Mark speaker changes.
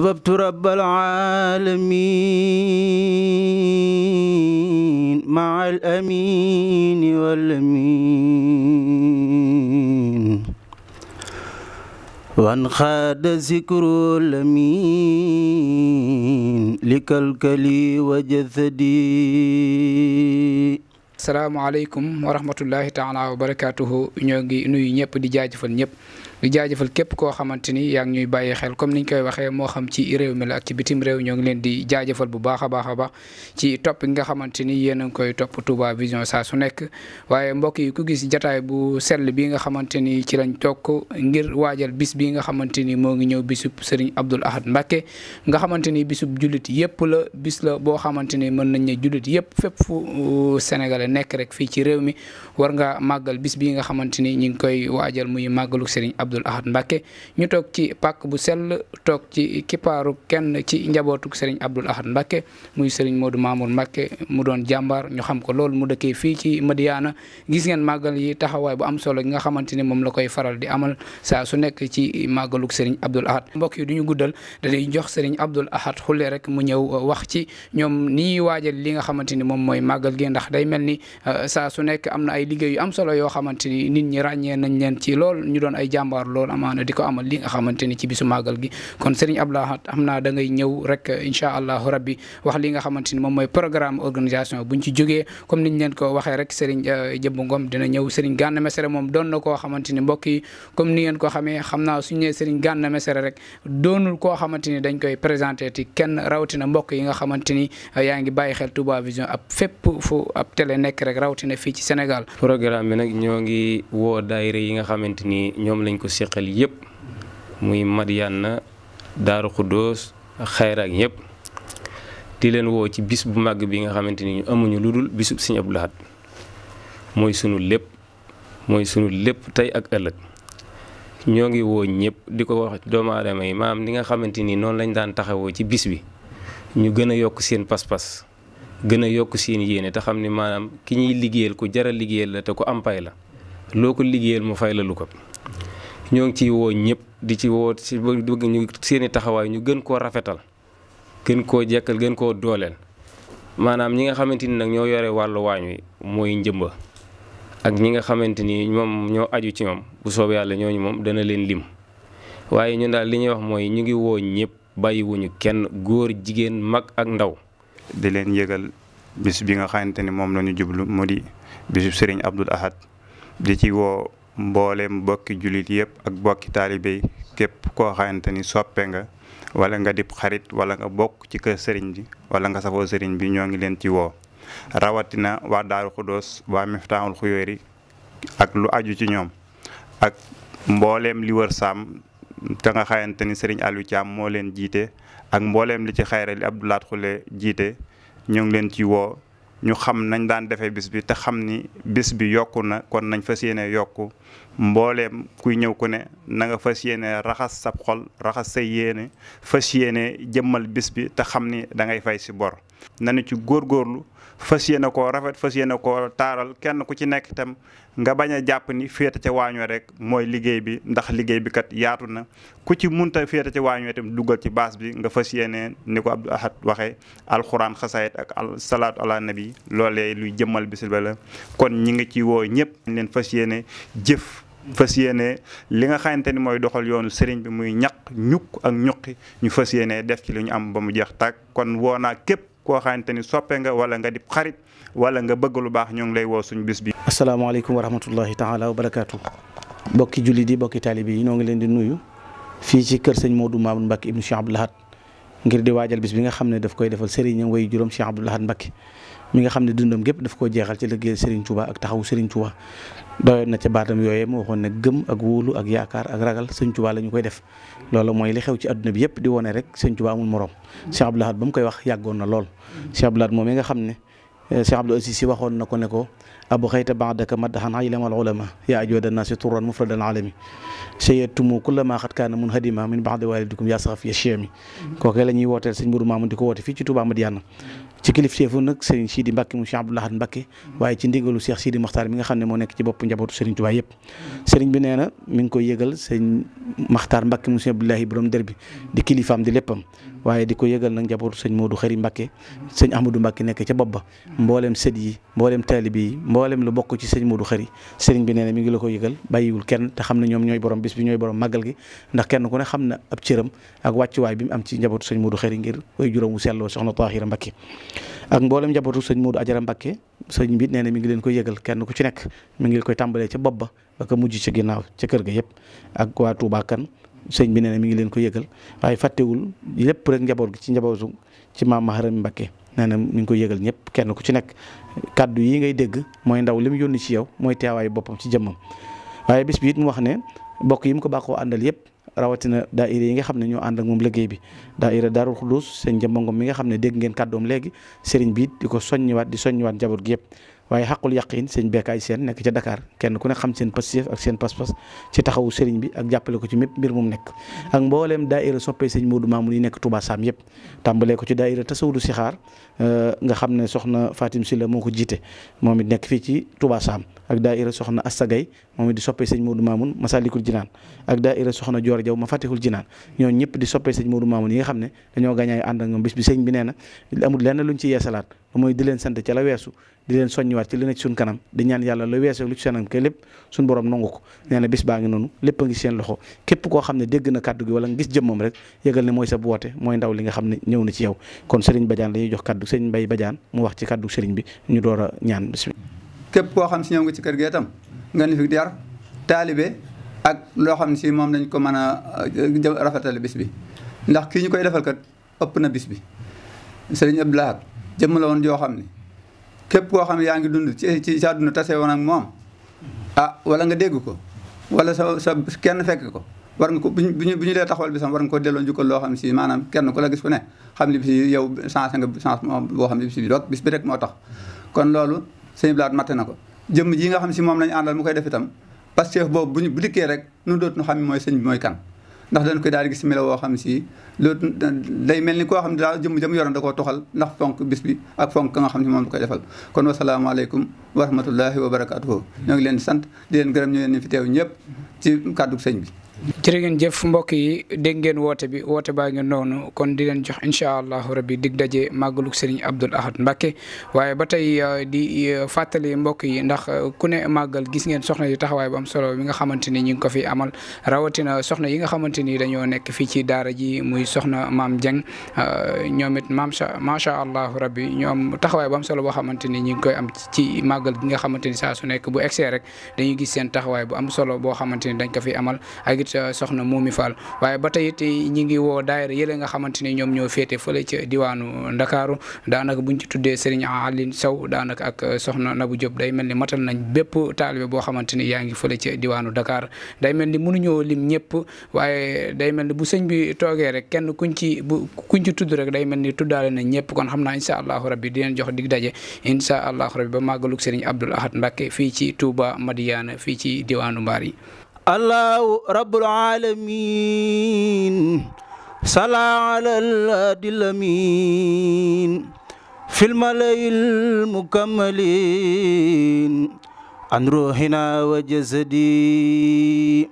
Speaker 1: ahbabtu rabbal aalamiin ma'al amiin wal amiin وانخاد ذكر
Speaker 2: الأمين لكلكلي وجسدي salaamaaleykum wa rahmatullahi taala wa barakaatuhu ñoo ngi nuyu ñëpp di jaajëfal ñëpp di jaajëfal képp koo xamante ni yaa ngi ñuy bàyyi xel comme niñ koy waxee moo xam ci réew mi la ak ci bitim réew ñoo ngi leen di jaajafal bu baax a baax a baax ci topp nga xamante ni yéen a ngi koy topp Touba Vision saa su nekk waaye mbokk yi ku gis jataay bu sell bi nga xamante ni ci lañ toog ngir waajal bis bi nga xamante ni moo ngi ñëw bisub Serigne Abdoul Ahad Mbacké nga xamante ni bisub julit yépp la bis la boo xamante ni mën nañ ne jullit yépp fépp fu uh, Sénégalais nekk rek fii ci réew mi war nga màggal bis bi nga xamante ni ñi ngi koy waajal muy màggalu Serigne Abdoul Ahad Mbacke ñu toog ci pàkk bu sell toog ci kippaaru kenn ci njabootuk sëriñ Abdoul Ahad Mbacke muy sëriñ Modou Mamour Mbacke mu doon jàmbaar ñu xam ko loolu mu dëkkee fii ci Madiyana gis ngeen màggal yi taxawaay bu am solo gi nga xamante ne moom la koy faral di amal saa su nekk ci màggaluk sëriñ Abdoul Ahad mbokk yi du ñu guddal dañuy jox sëriñ Abdoul Ahad xule rek mu ñëw uh, wax ci ñoom ni waajal li nga xamante ni moom mooy màggal gi ndax day mel ni uh, saa su nekk am na ay liggéey yu am solo yoo xamante nit ñi ràññee nañ leen ci lool ñu doon ay jàmbaar war lool amaana di ko amal li nga xamante ni ci bisu màggal gi kon sëriñ Abdou Lahad xam naa da ngay ñëw rek incha allahu rabbi wax li nga xamante ni moom mooy programme organisation buñ ci jógee comme niñ leen ko waxee rek sëriñ euh, Jëmb Ngom dina ñëw sëriñ Gana Messere moom doon na koo xamante ni mbokk yi ko xamee xam naa suñu nee sëriñ Gana Messere rek doonul koo xamante dañ koy présenté ti kenn rawatina mbokk yi nga xamante euh, yaa ngi bàyyi xel Touba Vision ab fépp fu ab télé nekk
Speaker 3: seqal yëpp muy Madiyaana Daaru Xuddoos Xayra ak ñëpp di leen woo ci bis bu màgg bi nga xamante ni ñu amuñu lu dul bisub Sëñ Abdou mooy sunu lépp mooy sunu lépp tey ak ëllëg ñoo ngi woo ñëpp di ko wax doomu aadama yi maam ni nga xamante ni noonu lañ daan taxawoo ci bis bi ñu gën a yokk seen pas-pas gën a yokk seen yéene te xam ni maanaam ki ñuy liggéeyal ku jara liggéeyal la te ku am pay la loo ko liggéeyal mu fay la lu ko ñoo ngi ciy woo ñëpp di ci woo si bëgg ñu seen i taxawaay ñu gën koo rafetal gën koo jekkal gën koo dooleel maanaam ñi nga xamante ni nag ñoo yore wàllu waañ wi mooy njëmba ak ñi nga xamante ni moom ñoo aju ci moom bu soobee yàlla ñu moom dana leen lim waaye ñun daal li ñuy wax mooy ñu ngi woo ñëpp
Speaker 4: bàyyiwuñu kenn góor jigéen mag ak ndaw. di leen yëgal bis bi nga xamante ni moom lañu jublu mu di bisu Serigne Abdoul Ahad di ci woo. mbooleem bokki jullit yëpp ak bokki taalibe yi képp koo xamante ni soppe nga wala nga dib xarit wala nga bokk ci kër sëriñ bi wala nga safoo sëriñ bi ñoo ngi leen ci woo rawatina wa Daaru Xudoos waa Miftaahul Xuyóori ak lu aju ci ñoom ak mboolem li wër saam te nga xamante ni sëriñ Aliou Thiam moo leen jiite ak mboolem li ci xayra li Abdoulaat Xule jiite ñoo ngi leen ci woo ñu xam nañu daan defee bis bi te xam ni bis bi yokku na kon nañ fa yéene yokku mbooleem kuy ñëw ku ne na nga fas yéene raxas sab xol raxas sa yéene fës yéene jëmmal bis bi te xam ni dangay fay si bor nanu ci góor góorlu fas yéene ko rafet fas yéene koo taaral kenn ku ci nekk tam nga bañ a jàpp ni féete ca waañoo rek mooy liggéey bi ndax liggéey bi kat yaatu na ku ci munta féete ca waañoo itam duggal ci baas bi nga fas yéene ni ko Abdou Ahad waxee alxuraan xasaayit ak al salaatu ala nabi loolee luy jëmmal bisil ba la kon ñi ngi ci woo ñëpp leen fas yéene jëf fas yéene li nga xamante ni mooy doxal yoonu sëriñ bi muy ñaq ñukk ak ñuqi ñu fas yéene def ci lu ñu am ba mu jeex tàkk kon woo naa képp koo xamante ni soppe nga wala nga di xarit wala nga bëgg lu baax ñoo ngi lay woo suñu bis bi.
Speaker 1: asalaamaaleykum wa rahmatullahi taala wa barakaatu. bokki julli di bokki taalibe yi ñoo ngi leen di nuyu fii ci kër sëñ Modou Mamoune Mbacke ibnu Cheikh Abdoul Ahad ngir di waajal bis bi nga xam ne daf koy defal sëriñam way juróom Cheikh Abdoul Ahad Mbacke mi nga xam ne dundam gépp daf koo jeexal ci liggéey Serigne Touba ak taxawu Serigne Touba doyoon na ca baatam yooyee mu waxoon ne gëm ak wóolu ak yaakaar ak ragal Serigne Touba la ñu koy def loolu mooy li xew ci àdduna bi yëpp di wone rek Serigne Touba amul morom Cheikh Abdou Lahad ba mu koy wax yàggoon na lool Cheikh moom mi nga xam ne eh, Cheikh Abdou Aziz waxoon na ko ne ko abu xayta baadaka maddaxan aylamal ulama yaa ajwada naasi turan mufradal alami sayatumu kullama xat kaana ya chiami kooke la di ko woote mu Cheikh Abdou Lahad Mbacke waaye ci ndigalu Cheikh Sidi na mi ngi koy yëgal sëriñ Makhtar Mbacke mu Cheikh Abdoulahi borom ko yëgal nag njabootu sëñ Modou Xëri Mbacke sëñ Ahmadou Mbacke nekk ca bopp ba mbooleem sët yi mboolem lu bokk ci sëñ Modou Khary sëriñ bi nee na mi ngi la ko yëgal bàyyiwul kenn te xam ne ñoom ñooy borom bis bi ñooy borom màggal gi ndax kenn ku ne xam na ab cëram ak waay bi mu am ci njabootu sëñ Modou Khary ngir way juróom wu selloo soxna Tahira ak mboolem njabootu sëñ Modou Ajara Mbacké sëñ bi nee na mi ngi leen koy yëgal kenn ku ci nekk mi ngi koy tàmbalee ca bopp ba ba ko ginnaaw ca kër ga yëpp ak waa Touba sëñ bi nee na mi ngi leen ko yëgal waaye fàttewul lépp rek njaboot gi ci njabootu ci maam Maharam Mbacké nee na mi ngi koy yëgal ñëpp kenn ku ci nekk kàddu yi ngay dégg mooy ndaw li mu yónni ci yow mooy teewaayu boppam ci jëmmam waaye bis bi it mu wax ne bokk yi mu ko ba baaxoo àndal yëpp rawatina daaira yi nga xam ne ñoo ànd ak moom liggéey bi daaira Daarul Xuduus seen jëmmangom mi nga xam ne dégg ngeen kàddoom léegi sëriñ bi di ko soññiwaat di soññiwaat njaboot gi yëpp waaye xaqul yaqin sëñ Bekkaay Seen nekk ca dakaar kenn ku ne xam seen passif ak seen pas-pas ci taxawu sëriñ bi ak jàppale ko ci mépp mbir mu nekk ak mbooleem daaira soppee sëñ Moodu Maamun yi nekk Touba Sam yëpp tàmbalee ko ci daaira tasawudu sixaar euh, nga xam ne soxna Fatim Silla moo ko jiite moom it nekk fii ci Touba Sam ak daaira soxna Astagay moom it di soppee sëñ Moodu Maamun Masalikul Jinaan ak daaira soxna Joor Jaw Mafatihul Jinaan ñoo ñëpp di soppee sëñ Moodu Maamun yi nga xam ne dañoo gàñaay ànd ak ñoom bis bi sëñ bi nee na amul lenn luñ ci yeesalaat lu mooy di leen sant ca la weesu di leen soññiwaat ci li nekk suñ kanam di ñaan yàlla la weesu lu ci seenam kay lépp suñ borom nangu ko nee na bis baa ngi noonu lépp a ngi seen loxo képp koo xam ne dégg na kàddu gi wala nga gis jëmmam rek yëgal ne mooy sa boote mooy ndaw li nga xam ne ñëw na ci yow kon Serigne Badiane la ñuy jox kàddu Serigne bajaan Badiane mu wax ci kàddu Serigne bi ñu door a ñaan bismillah
Speaker 5: képp koo xam si ñëw nga ci kër gi tam nga ni fi di yar taalibe ak loo si moom lañ ko mën a rafetale bis bi ndax kii ñu koy defal kat ëpp na bis bi Serigne Abdoulaye jëmm la woon joo xam ne képp koo xam ne yaa ngi dund ci ci sa dund tase woon ak moom ah wala nga dégg ko wala sa sa kenn fekk ko war nga ko bu ñu bu ñu dee taxawal bi sam war nga ko delloo njukkal loo xam si maanaam kenn ku la gis ko ne xam li bis yi yow chance nga chance moom boo xam ne bis bi doog bis bi rek moo tax kon loolu sëñ blaat matte na ko jëmm ji nga xam si moom lañu àndal mu koy def itam parce que boobu bu ñu bu dikkee rek nu dootuñu xam mooy sëñ bi mooy kan ndax dañ koy daal di gis melo woo xam si loolu day mel ni koo xam ne daal jëm jëm yoroon da koo toxal ndax fonk bis bi ak fonk ka nga xam ne moom la koy defal kon wasalaamaaleykum wa rahmatullahi wa barakatuhu ñoo ngi leen di sant di leen gërëm ñu leen fi teew ñëpp ci kàddu sëñ bi
Speaker 2: jërë ngeen jëf mbokk yi dégg ngeen woote bi woote baa ngeen noonu kon di leen jox incha allahu rabbi dig daje màggalug Serigne Abdoul Ahad Mbacké waaye ba tey euh, di euh, fàttali mbokk yi ndax euh, ku ne màggal gis ngeen soxna yi taxawaay bu am solo bi nga xamante ni ñu ngi ko fi amal rawatina soxna yi nga xamante ni dañoo nekk fii ci daara ji muy soxna maam Dieng ñoom it maam macha allahu rabbi ñoom taxawaay bu solo boo xamante ni ñu ngi koy am ci màggal gi nga xamante ni saa su nekk bu egsee rek dañuy gis seen taxawaay bu am solo boo xamante ni dañ ko fi amal ak soxna Moumi Fall waaye ba tey it ñi ngi woo daayira yële nga xamante ni ñoom ñoo féete fële ca diwaanu Ndakaaru daanaka buñ ci tuddee Serigne Aline Sow daanaka ak soxna Nabou Diop day mel ni matal nañ bépp taalibe boo xamante ni yaa ngi fële ca diwaanu Dakar day mel ni mënuñoo lim ñëpp waaye day mel ni bu sëñ bi toogee rek kenn kuñ ci bu kuñ ci tudd rek day mel ni tuddaale nañ ñëpp kon xam naa incha allahu rabbi di leen jox dig daje incha allahu rabbi ba màggalug Serigne Abdoul Ahad Mbacke fii ci Touba Madiana fii ci diwaanu Mbaar yi
Speaker 1: الله رب العالمين
Speaker 2: صلى على
Speaker 1: الهادي الأمين في الملأ المكملين عن روحنا وجسدي